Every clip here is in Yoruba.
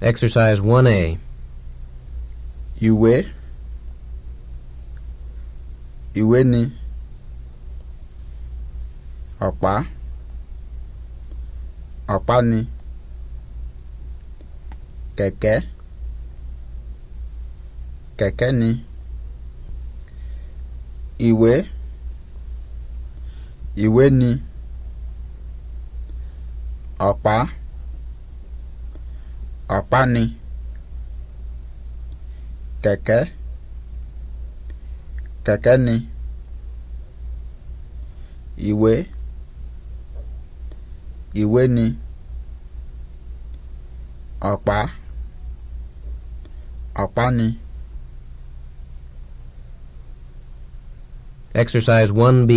Exercise 1A. Ìwé ìwé ni ọ̀pá ọ̀pá ni kẹ̀kẹ́ kẹ̀kẹ́ ni ìwé ìwé ni ọ̀pá. ọ̀pá ni kẹ̀kẹ́ kẹ̀kẹ́ ni ìwé ìwé ni ọ̀pá ọ̀pá ni. Exercise one b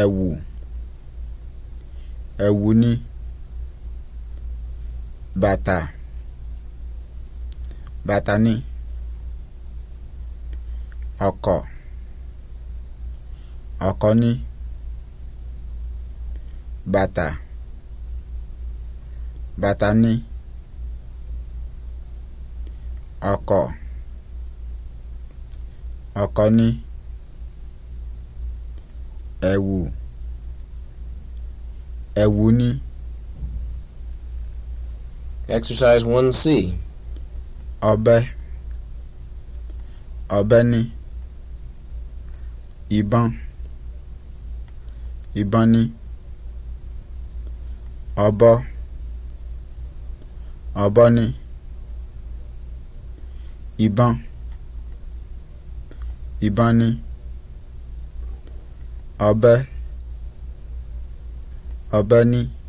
ẹ̀wù ẹ̀wù ni bàtà bàtà ni ọkọ̀ ọkọ̀ ni bàtà bàtà ni ọkọ̀ ọkọ̀ ni ẹ̀wù ẹ̀wù ni. Ẹ̀wù. Ẹ̀wù ni. Exercise 1C. Ọ̀bẹ. Abani, Iban, Ibani, Ìbọn Abani, Iban, Ibani, Ọ̀bẹ.